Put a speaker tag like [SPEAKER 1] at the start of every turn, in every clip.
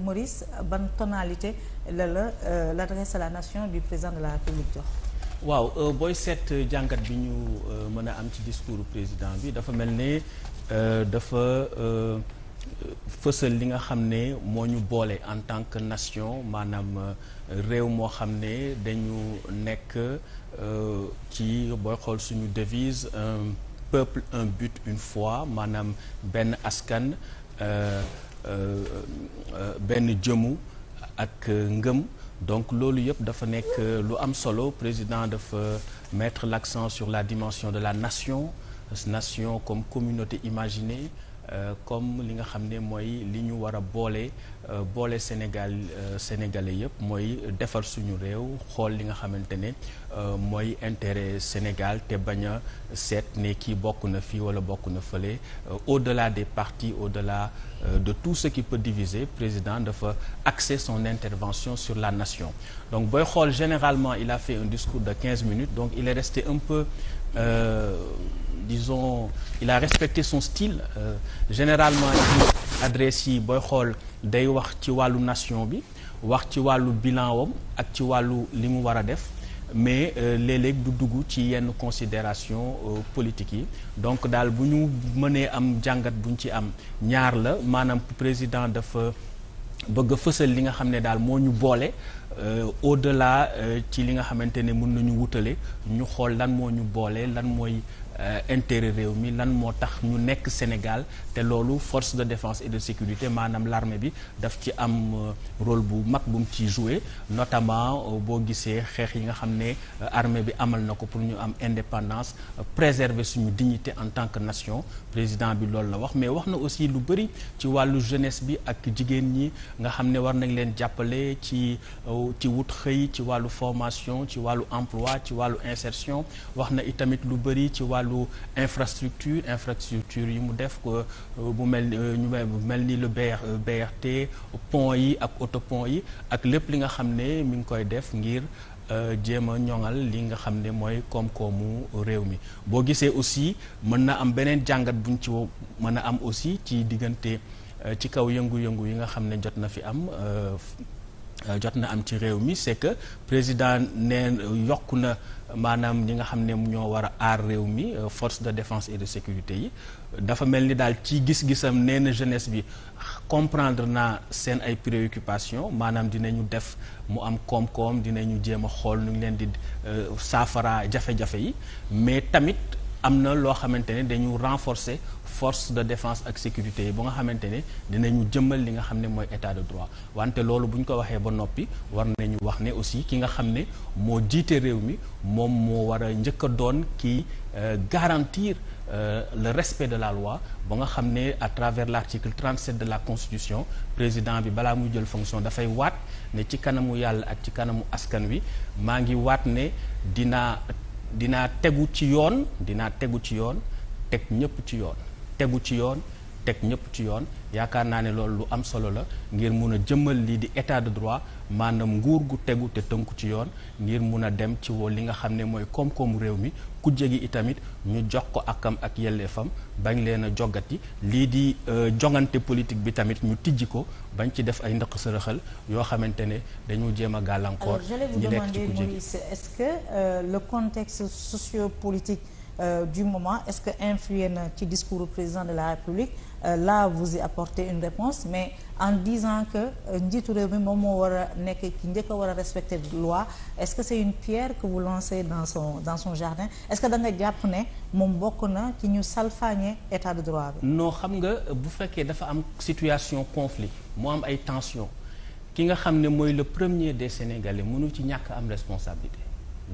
[SPEAKER 1] Maurice ban tonalité la la euh, l' adresse la nation du président de la République jox.
[SPEAKER 2] waaw euh, booy seet euh, jàngat bi ñu mën a am ci discours président bi dafa mel ne dafa fësal li nga xam ne moo ñu boole en tant que nation maanaam réew moo xam ne dañu nekk ci booy xool suñu devise un peuple un but une fois maanaam benn askan. Euh, euh, benn jëmu ak ngëm donc loolu yëpp dafa nekk lu am solo président dafa mettre l'accent sur la dimension de la nation nation comme communauté imaginée euh, comme li nga xam ne mooy li ñu war a boole euh, boole Sénégal euh, sénégalais yëpp mooy defar suñu réew xool li nga xamante ne mooy intérêt Sénégal te bañ a seet ne kii bokk na fii wala bokk na fële au-delà des partis au-delà de tout ce qui diviser président dafa axer son intervention sur la nation donc booy xool généralement il a fait un discours de quinze minutes donc il est resté un peu ils ont il a respecté son style euh, généralement ci yi booy xool day wax ci wàllu nation bi wax ci wàllu bilan wam ak ci wàllu li mu war a def mais euh, léeg du dugg ci yenn considération euh, politique yi donc daal bu ñu mënee am jàngat bu ñu ci am ñaar la maanaam président dafa bëgg fësal li nga xam ne daal moo ñu boole Euh, au-delà euh, ci li nga xamante ne mun nañu wutale ñu xool lan moo ñu boole lan mooy euh, intérêt réew mi lan moo tax ñu nekk Sénégal te loolu force de défence et de sécurité maanaam l'armée bi daf ci am rôle bu mag bu ci joué notamment boo gisee xeex yi nga xam ne armée bi amal na ko pour ñu am indépendance préserver suñu dignité en tant que nation président bi loolu la wax mais wax na aussi lu bëri ci wàllu jeunesse bi ak jigéen ñi nga xam ne war nañ leen jàppale ci ci wut xëy ci wàllu formation ci wàllu emploi ci wàllu insertion wax na itamit lu bëri ci wàllu infrastructure infrastructure yi mu def ko euh, bu mel euh, ñu mel ni le BRT euh, pont yi ak autopont yi ak lépp li nga xam ne mi ngi koy def ngir jéem a ñoŋal li nga xam ne mooy koom-koomu réew mi boo gisee aussi mën na am beneen jàngat buñ ci mën a am aussi ci diggante ci kaw yëngu-yëngu yi nga xam ne jot na fi am Euh, jot na am ci réew mi c'est que président neen yokk na maanaam ñi nga xam ne mu ñoo war a aar réew mi euh, force de défense et de sécurité yi dafa mel ni daal ci gis-gisam nee na bi comprendre naa seen ay préoccupations maanaam dinañu def mu am koom-koom dinañu jéem a xool nu ñu leen di euh, saafara jafe-jafe yi mais tamit. am na loo xamante ne dañu renforcer force de défense ak sécurité yi ba nga xamante ne dinañu jëmmal li nga xam ne mooy état de droit wante loolu bu ñu ko waxee ba noppi war nañu wax ne aussi ki nga xam ne moo jiite réew mi moom moo war a njëkk a doon kii euh, garantir Euh, le respect de la loi ba nga xam ne à travers l'article 37 de la constitution président bi balaa mu jël fonction dafay waat ne ci kanamu yàlla ak ci kanamu askan wi maa ngi waat ne dinaa dinaa tegu ci yoon dinaa tegu ci yoon teg ñépp ci yoon tegu ci yoon teg ñëpp ci yoon yaakaar naa ne loolu lu am solo la ngir mun a jëmmal lii di état de droit maanaam nguur gu tegu te tënku ci yoon ngir mun a dem ci woo li nga xam ne mooy koom-koomu réew mi kujje gi itamit ñu jox ko akam ak yelleefam bañ leen a jogati lii di euh, jongante politique bi tamit ñu tijj ko bañ ci def ay ndëq sërëxal yoo xamante ne dañu jéem a gàllankoor. ñi nekk ci kujje gi
[SPEAKER 1] alors Euh, du moment est-ce que influé na ci discours président de la République euh, là vous y apportez une réponse mais en disant que euh, njiitu réew mi moom moo war a nekk ki njëkk a war a respecter loi est-ce que c'est une pierre que vous lancez dans son dans son jardin est-ce que da jàpp ne moom bokk na ci ñu salfaañe
[SPEAKER 2] état de droit bi. non xam nga bu fekkee dafa am situation conflit mu am ay tensions ki nga xam ne mooy le premier des Sénégalais mënu ci ñàkk am responsabilité.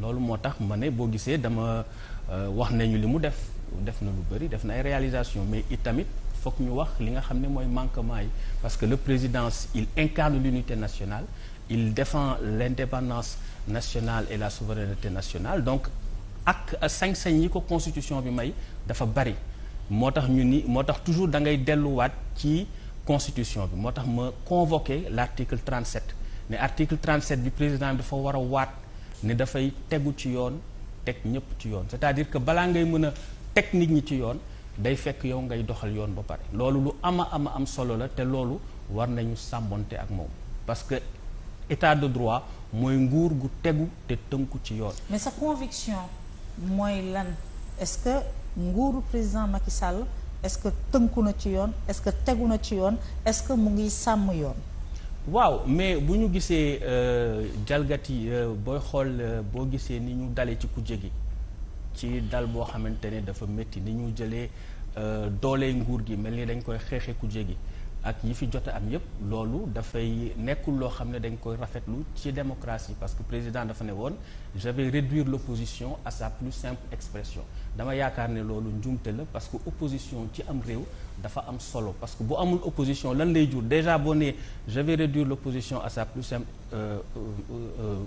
[SPEAKER 2] loolu moo tax ma ne boo gisee dama euh, wax nañu li mu def def na lu bëri def na ay réalisation mais itamit foog ñu wax li nga xam ne mooy manquement yi parce que le président il incarne l'unité nationale il défend l'indépendance nationale et la souveraineté nationale donc ak sañ-sañ yi ko constitution bi may dafa bëri moo tax ñu ni moo tax toujours da ngay delluwaat ci constitution bi moo tax ma convoqué l'article 37 mais article 37 bi président bi dafa war a waat ne dafay tegu ci yoon teg ñëpp ci yoon c'est-à-dire que balaa ngay mën a teg nit ñi ci yoon day fekk yow ngay doxal yoon ba pare loolu lu ama ama am solo la te loolu war nañu sàmbonte ak moom parce que état de droit mooy nguur gu tegu te tënku ci yoon.
[SPEAKER 1] mais sa conviction mooy lan est-ce que nguuru président Macky Sall est-ce que tënku na ci yoon est-ce que tegu na ci yoon est-ce que mu ngi sàmm yoon.
[SPEAKER 2] waaw mais bu ñu gisee euh, jalgati euh, booy xool euh, boo gisee ni ñu dalee ci kuje gi ci dal boo xamante ne dafa métti ni ñu jëlee doole nguur gi mel ni dañ koy xeexe kuje gi ak yi fi jot am yépp loolu dafay nekkul loo xam ne dañ koy rafetlu ci démocratie parce que président dafa ne woon je vais réduire l'opposition à sa plus simple expression dama yaakaar ne loolu njuumte la parce que opposition ci am réew dafa am solo parce que bu amul opposition lan lay jur déjà boo nee je vais réduire l'opposition à sa plus simple euh, euh, euh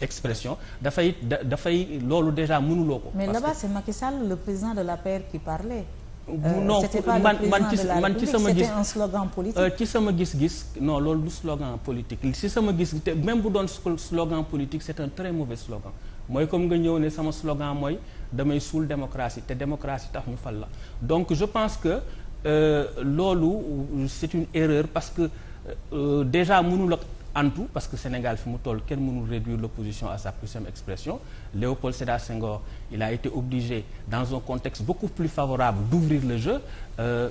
[SPEAKER 2] expression dafay dafay loolu déjà mënuloo ko. mais là-bas
[SPEAKER 1] c'est Macky le président de l'APR qui parlait.
[SPEAKER 2] Euh, non man man ci man ci sama gis euh, ci sama gis-gis non loolu du slogan politique ci sama gis te même bu doon slogan politique c'est un très mauvais slogan mooy comme nga ñëw ne sama slogan mooy damay suul démocratie te démocratie tax ñu fal la donc je pense que euh, loolu c'est une erreur parce que déjà mënul antu parce que Sénégal fi mu toll kenn mënul réduire l'opposition à sa plus simple expression Léopold Sédar Senghor il a été obligé dans un contexte beaucoup plus favorable d'ouvrir le jeu euh,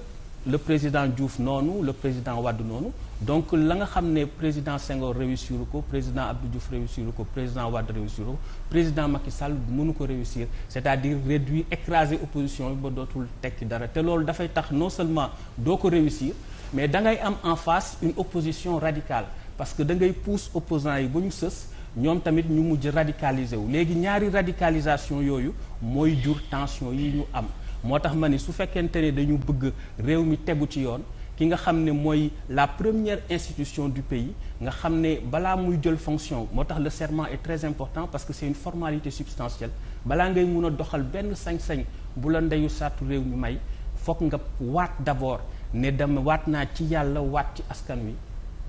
[SPEAKER 2] le président Diouf noonu le président wadd noonu donc la nga xam ne président Senghor réussir ko président Abdou Diouf réussir ko président Wade réussir ko président Macky mënu ko réussir c'est-à-dire réduire écraser opposition bi ba dootul tekki dara te loolu dafay tax non seulement doo ko réussir mais da ngay am en face une opposition radicale parce que da ngay pousse opposants yi ba ñu sës ñoom tamit ñu mujj radicaliser wu léegi ñaari radicalisation yooyu mooy jur tension yi ñu am moo tax ma ne su fekkente ne dañu bëgg réew mi tegu ci yoon ki nga xam ne mooy la première institution du pays nga xam ne balaa muy jël fonction moo tax le serment est très important parce que c'est une formalité substantielle balaa ngay mun a doxal benn sañ-sañ bu la ndeyu saatu réew mi may foog nga waat d'abord ne dama waat naa ci yàlla waat ci askan wi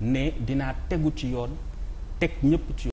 [SPEAKER 2] ne dinaa tegu ci yoon teg ñëpp ci